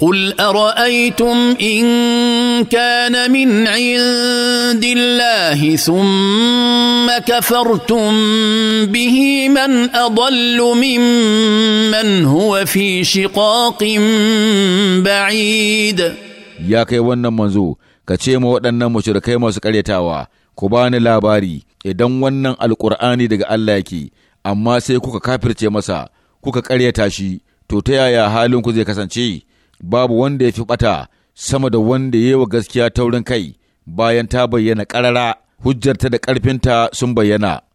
قل ارايتم ان كان من عند الله ثم كفرتم به من اضل ممن هو في شقاق بعيد ya kai wannan manzo ka ce ma waɗannan mushrikai masu ƙaryatawa ku bani labari idan wannan alƙur'ani daga Allah yake amma sai kuka kafirce masa kuka ƙaryata shi to ta yaya halinku zai kasance babu wanda ya fi ɓata sama da wanda ya yi wa gaskiya taurin kai bayan ta bayyana ƙarara hujjarta da ƙarfinta sun bayyana.